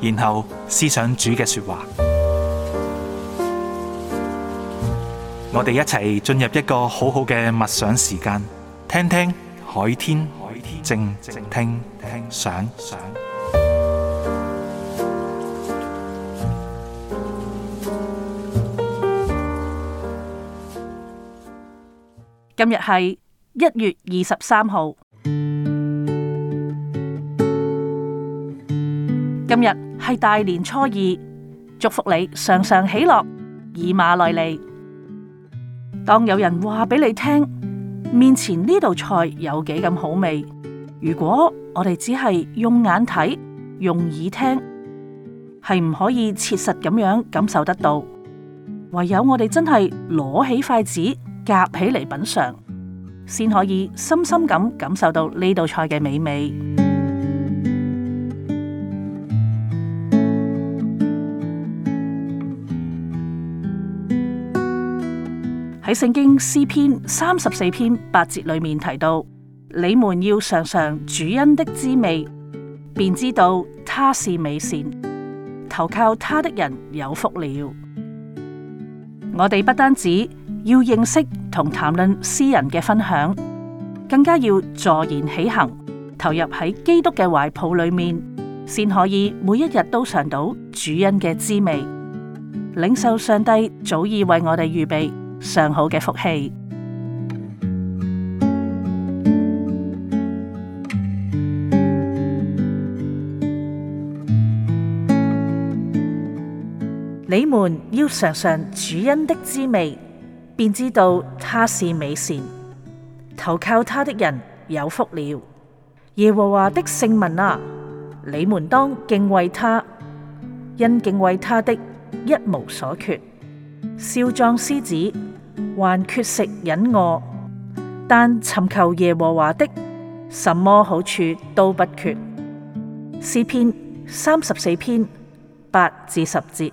然後思想主嘅說話，我哋一齊進入一個好好嘅默想時間，聽聽海天靜聽想。今日係一月二十三號，今日，係大年初二，祝福你常常喜樂。以馬內利。當有人話俾你聽，面前呢道菜有幾咁好味，如果我哋只係用眼睇，用耳聽，係唔可以切實咁樣感受得到。唯有我哋真係攞起筷子夾起嚟品嘗，先可以深深咁感受到呢道菜嘅美味。喺聖經詩篇三十四篇八節裏面提到，你們要嘗嘗主恩的滋味，便知道他是美善，投靠他的人有福了。我哋不單止要認識同談論詩人嘅分享，更加要坐言起行，投入喺基督嘅懷抱裏面，先可以每一日都嘗到主恩嘅滋味。領受上帝早已為我哋預備。上好嘅福氣。你們要嘗嘗主恩的滋味，便知道他是美善，投靠他的人有福了。耶和華的聖民啊，你們當敬畏他，因敬畏他的一無所缺。少壯獅子，還缺食忍餓，但尋求耶和華的，什麼好處都不缺。詩篇三十四篇八至十節。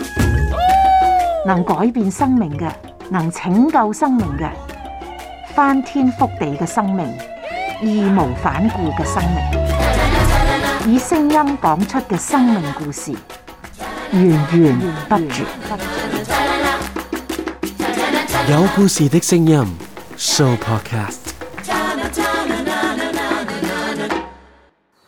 能改變生命嘅，能拯救生命嘅，翻天覆地嘅生命，義無反顧嘅生命，以聲音講出嘅生命故事，源源不絕。有故事的聲音，Show Podcast。